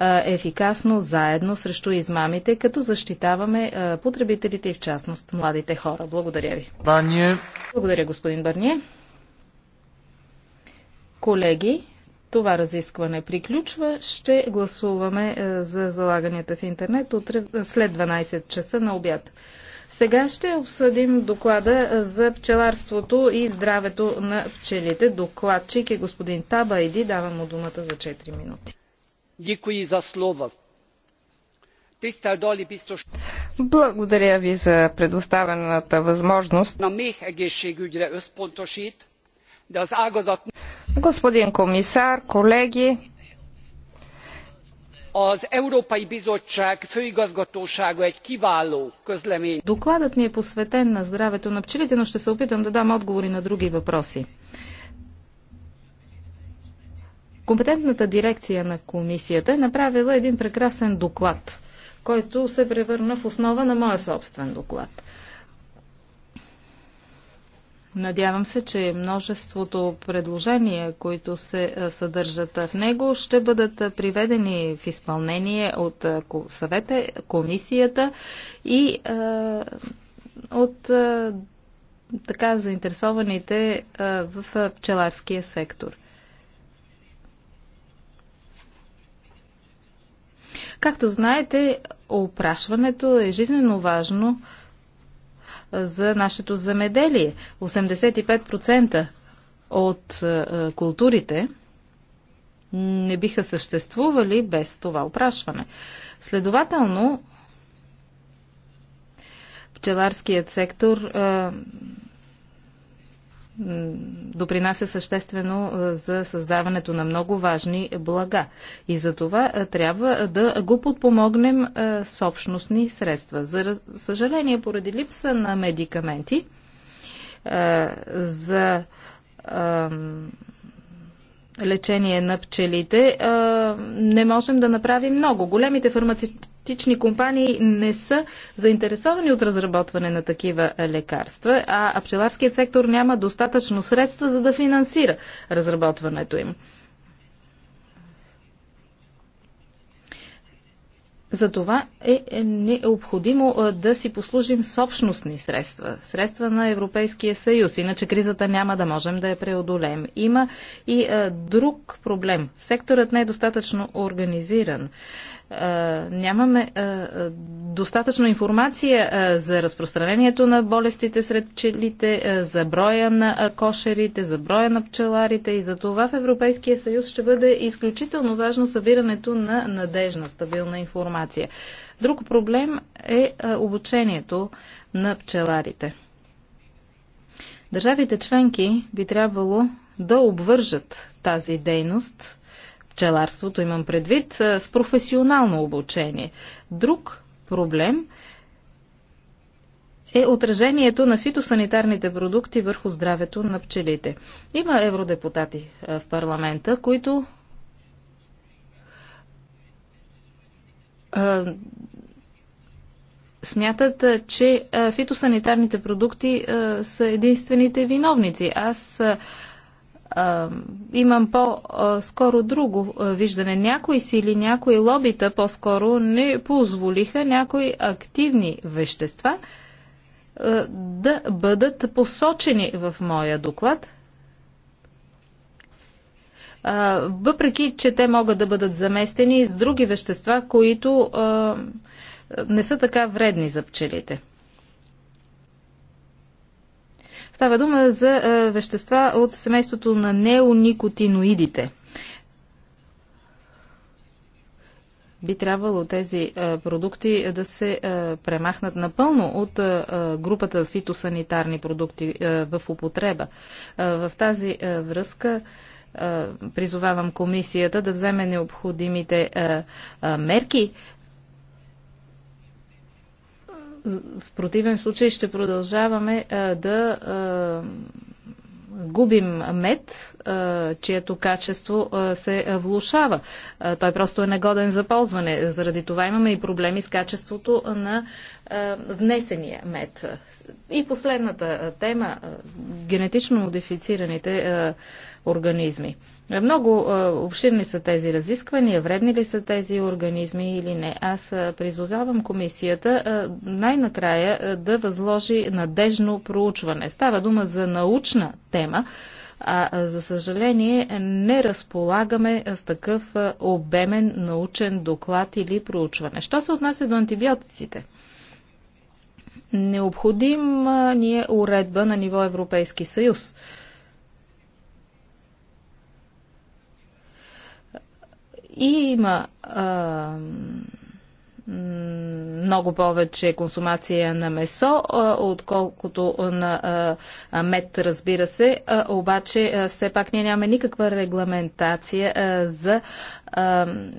Е, ефикасно заедно срещу измамите, като защитаваме е, потребителите и в частност младите хора. Благодаря ви. Барние. Благодаря, господин Барние. Колеги, това разискване приключва. Ще гласуваме е, за залаганията в интернет утре след 12 часа на обяд. Сега ще обсъдим доклада за пчеларството и здравето на пчелите. Докладчик е господин Таба Иди. Давам му думата за 4 минути. Благодаря ви за предоставената възможност. Господин комисар, колеги, Докладът ми е посветен на здравето на пчелите, но ще се опитам да дам отговори на други въпроси. Компетентната дирекция на комисията е направила един прекрасен доклад, който се превърна в основа на моя собствен доклад. Надявам се, че множеството предложения, които се съдържат в него, ще бъдат приведени в изпълнение от съвета, комисията и от така заинтересованите в пчеларския сектор. Както знаете, опрашването е жизненно важно за нашето замеделие. 85% от културите не биха съществували без това опрашване. Следователно, пчеларският сектор допринася съществено за създаването на много важни блага. И за това трябва да го подпомогнем с общностни средства. За съжаление, поради липса на медикаменти, за лечение на пчелите, а, не можем да направим много. Големите фармацевтични компании не са заинтересовани от разработване на такива лекарства, а пчеларският сектор няма достатъчно средства за да финансира разработването им. Затова е, е необходимо да си послужим с общностни средства, средства на Европейския съюз, иначе кризата няма да можем да я преодолеем. Има и друг проблем. Секторът не е достатъчно организиран. Е, нямаме е, е, достатъчно информация за разпространението на болестите сред пчелите, за броя на кошерите, за броя на пчеларите и за това в Европейския съюз ще бъде изключително важно събирането на надежна, стабилна информация. Друг проблем е обучението на пчеларите. Държавите членки би трябвало да обвържат тази дейност пчеларството имам предвид, с професионално обучение. Друг проблем е отражението на фитосанитарните продукти върху здравето на пчелите. Има евродепутати в парламента, които смятат, че фитосанитарните продукти са единствените виновници. Аз а, имам по-скоро друго виждане. Някои сили, някои лобита по-скоро не позволиха някои активни вещества а, да бъдат посочени в моя доклад. А, въпреки, че те могат да бъдат заместени с други вещества, които а, не са така вредни за пчелите. Става дума за е, вещества от семейството на неоникотиноидите. би трябвало тези е, продукти да се е, премахнат напълно от групата фитосанитарни продукти в употреба. В тази връзка призовавам комисията да вземе необходимите мерки в противен случай ще продължаваме а, да а, губим мед, а, чието качество а, се влушава. А, той просто е негоден за ползване. Заради това имаме и проблеми с качеството на е, внесения мед. И последната е, тема е, генетично модифицираните организми. Много обширни са тези разисквания, вредни ли са тези организми или не. Аз призовавам комисията най-накрая да възложи надежно проучване. Става дума за научна тема, а за съжаление не разполагаме с такъв обемен научен доклад или проучване. Що се отнася до антибиотиците? Необходим ни е уредба на ниво Европейски съюз. И има а, много повече консумация на месо, отколкото на мед, разбира се. Обаче, все пак ние нямаме никаква регламентация за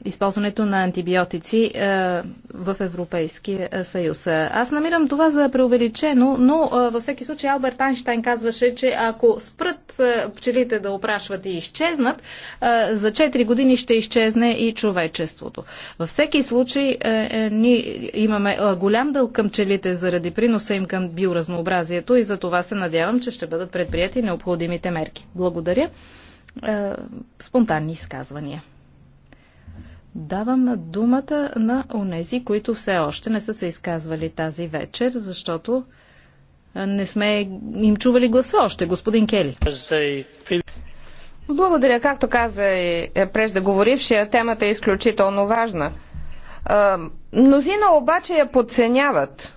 използването на антибиотици в Европейския съюз. Аз намирам това за преувеличено, но във всеки случай Алберт Айнштайн казваше, че ако спрат пчелите да опрашват и изчезнат, за 4 години ще изчезне и човечеството. Във всеки случай е, е е, ние имаме е, голям дълг към челите заради приноса им към биоразнообразието и за това се надявам, че ще бъдат предприяти необходимите мерки. Благодаря. Е, спонтанни изказвания. Давам думата на онези, които все още не са се изказвали тази вечер, защото не сме им чували гласа още. Господин Кели. Благодаря. Както каза и преждеговорившия, темата е изключително важна. Мнозина обаче я подценяват.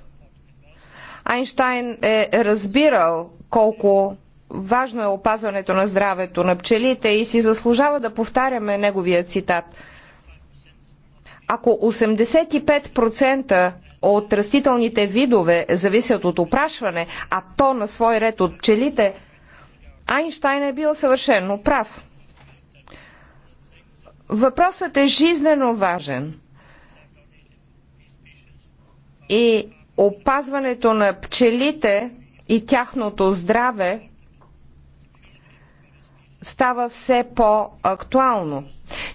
Айнштайн е разбирал колко важно е опазването на здравето на пчелите и си заслужава да повтаряме неговия цитат. Ако 85% от растителните видове зависят от опрашване, а то на свой ред от пчелите, Айнштайн е бил съвършенно прав. Въпросът е жизнено важен и опазването на пчелите и тяхното здраве става все по-актуално.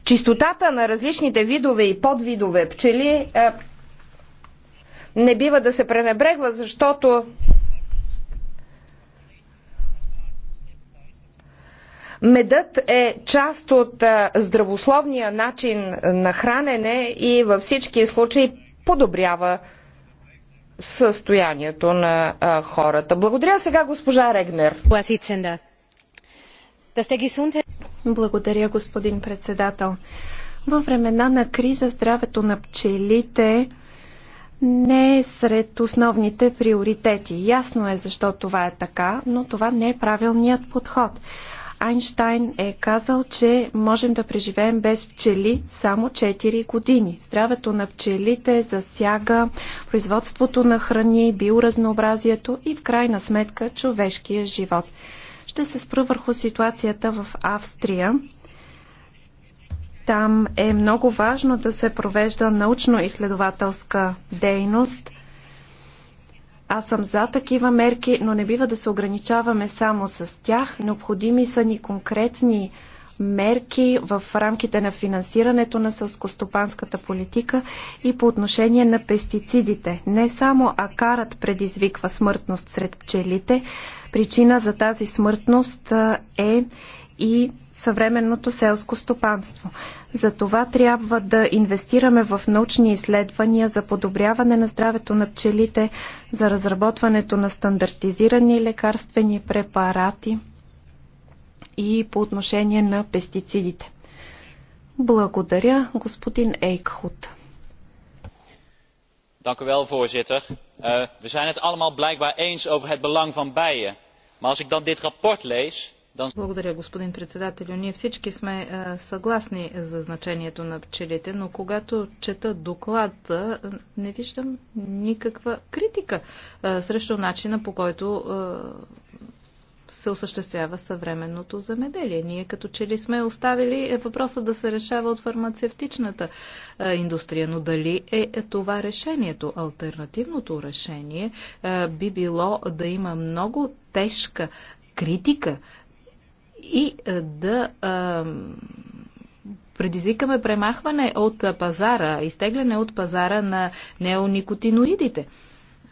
Чистотата на различните видове и подвидове пчели е, не бива да се пренебрегва, защото Медът е част от е, здравословния начин на хранене и във всички случаи подобрява състоянието на а, хората. Благодаря сега госпожа Регнер. Благодаря, господин председател. Във времена на криза здравето на пчелите не е сред основните приоритети. Ясно е защо това е така, но това не е правилният подход. Айнштайн е казал, че можем да преживеем без пчели само 4 години. Здравето на пчелите засяга производството на храни, биоразнообразието и в крайна сметка човешкия живот. Ще се спра върху ситуацията в Австрия. Там е много важно да се провежда научно-изследователска дейност – аз съм за такива мерки, но не бива да се ограничаваме само с тях. Необходими са ни конкретни мерки в рамките на финансирането на сълскостопанската политика и по отношение на пестицидите. Не само акарът предизвиква смъртност сред пчелите, причина за тази смъртност е и съвременното селско стопанство. За това трябва да инвестираме в научни изследвания за подобряване на здравето на пчелите, за разработването на стандартизирани лекарствени препарати и по отношение на пестицидите. Благодаря, господин Ейкхут. Dank u wel, voorzitter. Uh, we zijn het allemaal blijkbaar eens over het belang van bijen. Maar als ik dan dit rapport lees, благодаря, господин председател. Ние всички сме е, съгласни за значението на пчелите, но когато чета доклад, е, не виждам никаква критика е, срещу начина по който се осъществява съвременното замеделие. Ние като че ли сме оставили въпроса да се решава от фармацевтичната индустрия, но дали е това решението? Альтернативното решение би било да има много тежка критика и е, да е, предизвикаме премахване от пазара, изтегляне от пазара на неоникотиноидите.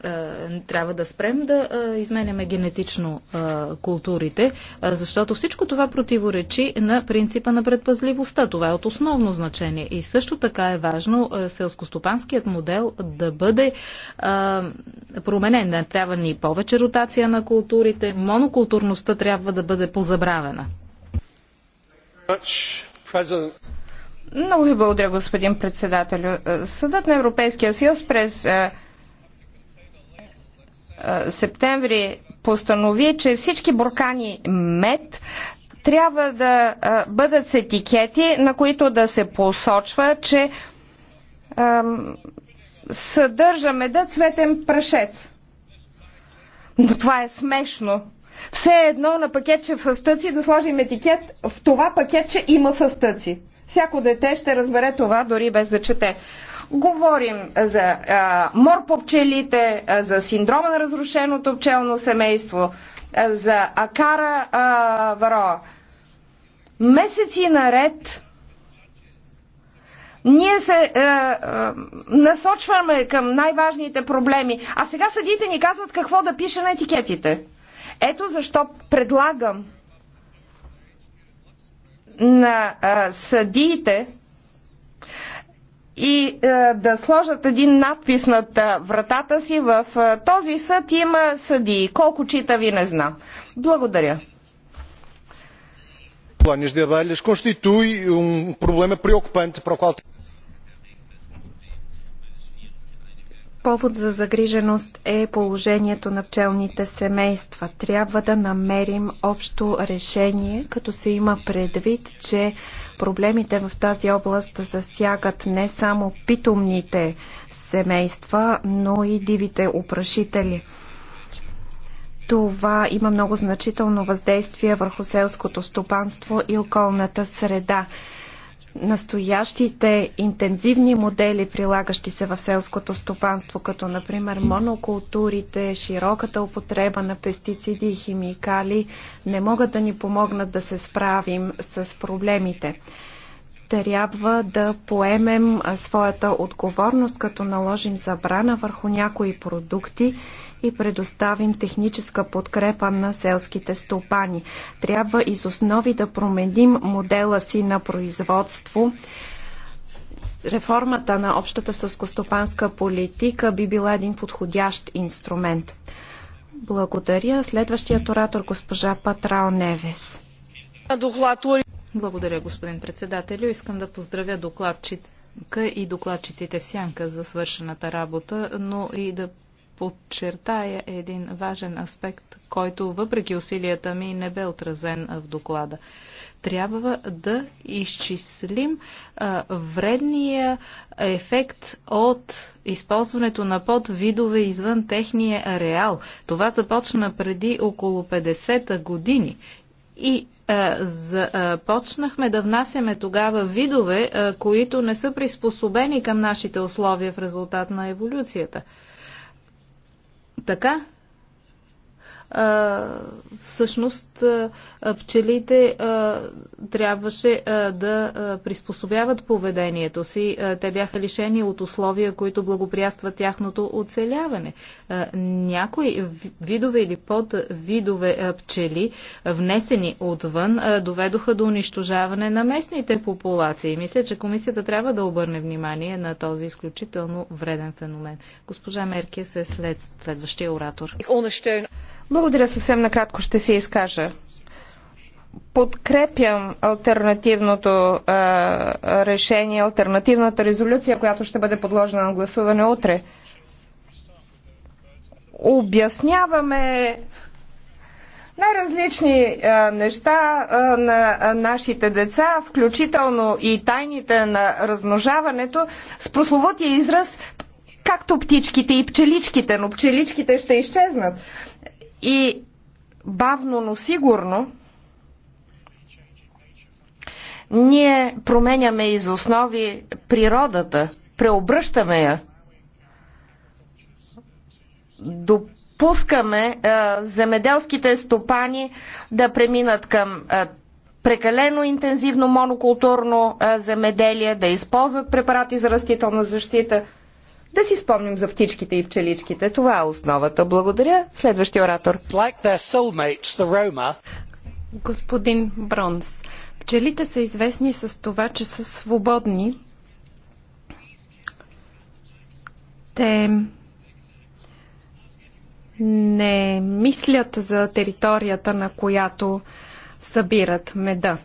Е, трябва да спрем да е, изменяме генетично е, културите, защото всичко това противоречи на принципа на предпазливостта. Това е от основно значение. И също така е важно селскостопанският модел да бъде променен. Не трябва ни повече ротация на културите. Монокултурността трябва да бъде позабравена. Много ви благодаря, господин председател. Съдът на Европейския съюз през септември постанови, че всички буркани мед трябва да бъдат с етикети, на които да се посочва, че съдържа меда цветен прашец. Но това е смешно. Все едно на пакетче е фастъци да сложим етикет в това пакетче има фастъци. Всяко дете ще разбере това дори без да чете. Говорим за а, мор по пчелите, а, за синдрома на разрушеното пчелно семейство, а, за акара а, варо. Месеци наред ние се е, е, насочваме към най-важните проблеми, а сега съдите ни казват какво да пише на етикетите. Ето защо предлагам на е, съдиите и е, да сложат един надпис над е, вратата си в е, този съд има съдии. Колко чита ви не знам. Благодаря. Планиш de abelhas constitui um problema preocupante para o qual Повод за загриженост е положението на пчелните семейства. Трябва да намерим общо решение, като се има предвид, че Проблемите в тази област засягат не само питомните семейства, но и дивите опрашители. Това има много значително въздействие върху селското стопанство и околната среда настоящите интензивни модели, прилагащи се в селското стопанство, като например монокултурите, широката употреба на пестициди и химикали, не могат да ни помогнат да се справим с проблемите трябва да поемем своята отговорност, като наложим забрана върху някои продукти и предоставим техническа подкрепа на селските стопани. Трябва из основи да променим модела си на производство. Реформата на общата съскостопанска политика би била един подходящ инструмент. Благодаря. Следващият оратор госпожа Патрао Невес. Благодаря, господин председателю. Искам да поздравя докладчика и докладчиците в сянка за свършената работа, но и да подчертая един важен аспект, който въпреки усилията ми не бе отразен в доклада. Трябва да изчислим а, вредния ефект от използването на подвидове извън техния реал. Това започна преди около 50 години и почнахме да внасяме тогава видове, които не са приспособени към нашите условия в резултат на еволюцията. Така всъщност пчелите трябваше да приспособяват поведението си. Те бяха лишени от условия, които благоприятстват тяхното оцеляване. Някои видове или подвидове пчели, внесени отвън, доведоха до унищожаване на местните популации. Мисля, че комисията трябва да обърне внимание на този изключително вреден феномен. Госпожа Меркия се след следващия оратор. Благодаря съвсем накратко, ще се изкажа. Подкрепям альтернативното а, решение, альтернативната резолюция, която ще бъде подложена на гласуване утре. Обясняваме най-различни неща а, на а, нашите деца, включително и тайните на размножаването, с прословутия израз както птичките и пчеличките, но пчеличките ще изчезнат и бавно, но сигурно ние променяме из основи природата, преобръщаме я, допускаме е, земеделските стопани да преминат към е, прекалено интензивно монокултурно е, земеделие, да използват препарати за растителна защита – да си спомним за птичките и пчеличките. Това е основата. Благодаря. Следващия оратор. Like soulmates, Господин Бронс, пчелите са известни с това, че са свободни. Те не мислят за територията, на която събират меда.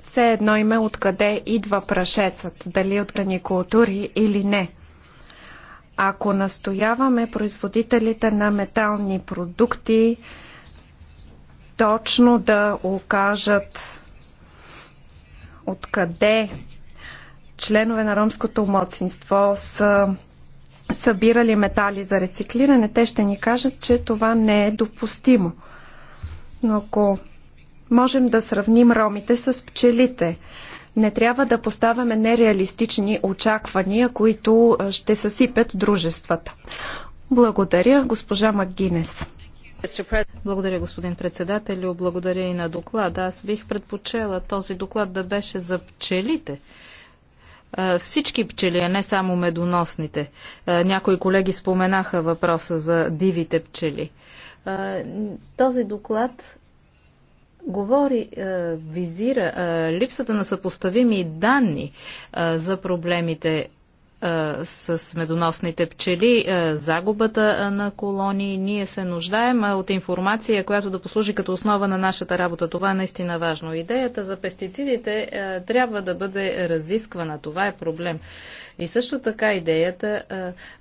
Все едно име откъде идва прашецът, дали от каникултури или не – ако настояваме производителите на метални продукти точно да окажат откъде членове на ромското младсинство са събирали метали за рециклиране, те ще ни кажат, че това не е допустимо. Но ако можем да сравним ромите с пчелите, не трябва да поставяме нереалистични очаквания, които ще съсипят дружествата. Благодаря, госпожа Макгинес. Благодаря, господин председателю. Благодаря и на доклада. Аз бих предпочела този доклад да беше за пчелите. Всички пчели, а не само медоносните. Някои колеги споменаха въпроса за дивите пчели. Този доклад говори, е, визира е, липсата на съпоставими данни е, за проблемите с медоносните пчели, загубата на колонии. Ние се нуждаем от информация, която да послужи като основа на нашата работа. Това е наистина важно. Идеята за пестицидите трябва да бъде разисквана. Това е проблем. И също така идеята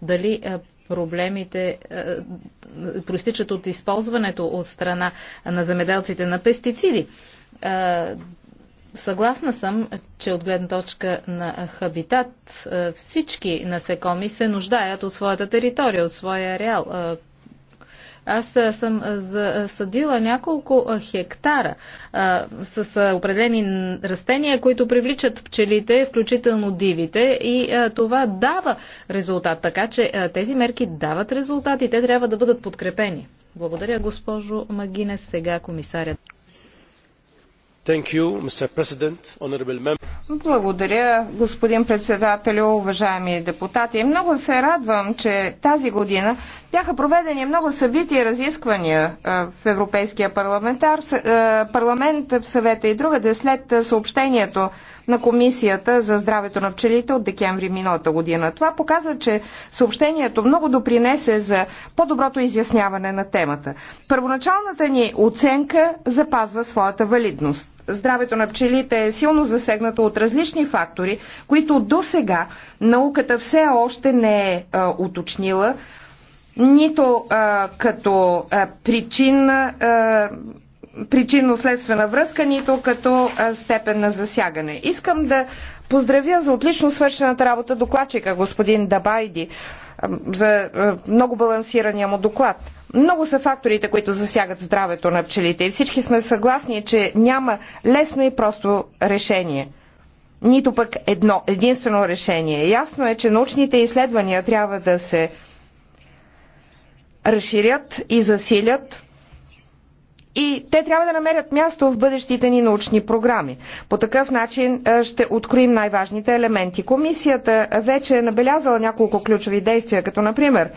дали проблемите проистичат от използването от страна на земеделците на пестициди Съгласна съм, че от гледна точка на хабитат е, всички насекоми се нуждаят от своята територия, от своя реал. Е, аз е, съм засадила няколко хектара а, с определени растения, които привличат пчелите, включително дивите, и а, това дава резултат. Така че а, тези мерки дават резултат и те трябва да бъдат подкрепени. Благодаря, госпожо Магинес. Сега комисарят. Благодаря, господин председател, уважаеми депутати. Много се радвам, че тази година бяха проведени много събития и разисквания в Европейския парламентар, парламент, в съвета и другаде след съобщението на Комисията за здравето на пчелите от декември миналата година. Това показва, че съобщението много допринесе за по-доброто изясняване на темата. Първоначалната ни оценка запазва своята валидност здравето на пчелите е силно засегнато от различни фактори, които до сега науката все още не е а, уточнила, нито а, като а, причина. А, причинно-следствена връзка, нито като степен на засягане. Искам да поздравя за отлично свършената работа докладчика господин Дабайди за много балансирания му доклад. Много са факторите, които засягат здравето на пчелите и всички сме съгласни, че няма лесно и просто решение. Нито пък едно, единствено решение. Ясно е, че научните изследвания трябва да се разширят и засилят и те трябва да намерят място в бъдещите ни научни програми. По такъв начин ще откроим най-важните елементи. Комисията вече е набелязала няколко ключови действия, като например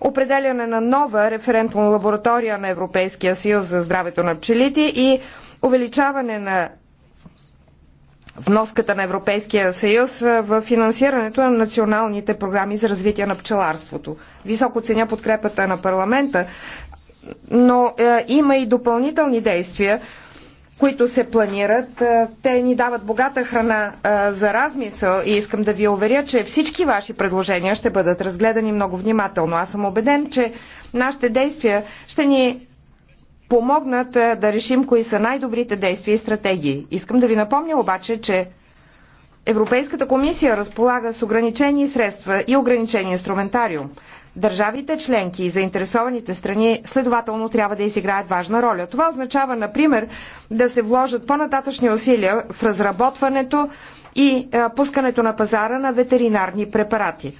определяне на нова референтна лаборатория на Европейския съюз за здравето на пчелите и увеличаване на вноската на Европейския съюз в финансирането на националните програми за развитие на пчеларството. Високо ценя подкрепата на парламента но е, има и допълнителни действия, които се планират. Е, те ни дават богата храна е, за размисъл и искам да ви уверя, че всички ваши предложения ще бъдат разгледани много внимателно. Аз съм убеден, че нашите действия ще ни помогнат е, да решим кои са най-добрите действия и стратегии. Искам да ви напомня обаче, че Европейската комисия разполага с ограничени средства и ограничени инструментариум. Държавите членки и заинтересованите страни следователно трябва да изиграят важна роля. Това означава, например, да се вложат по-нататъчни усилия в разработването и пускането на пазара на ветеринарни препарати.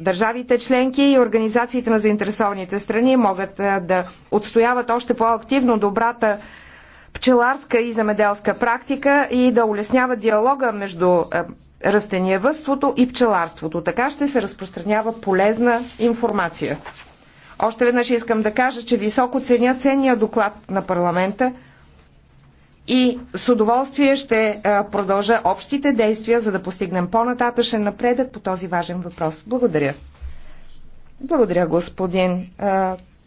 Държавите членки и организациите на заинтересованите страни могат да отстояват още по-активно добрата пчеларска и замеделска практика и да улеснява диалога между е, растениевътството и пчеларството. Така ще се разпространява полезна информация. Още веднъж искам да кажа, че високо ценя ценния доклад на парламента и с удоволствие ще е, продължа общите действия, за да постигнем по-нататъчен напредък по този важен въпрос. Благодаря. Благодаря, господин е,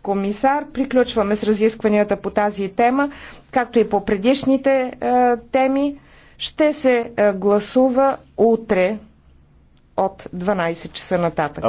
комисар. Приключваме с разискванията по тази тема, както и по предишните е, теми. Ще се е, гласува утре от 12 часа нататък.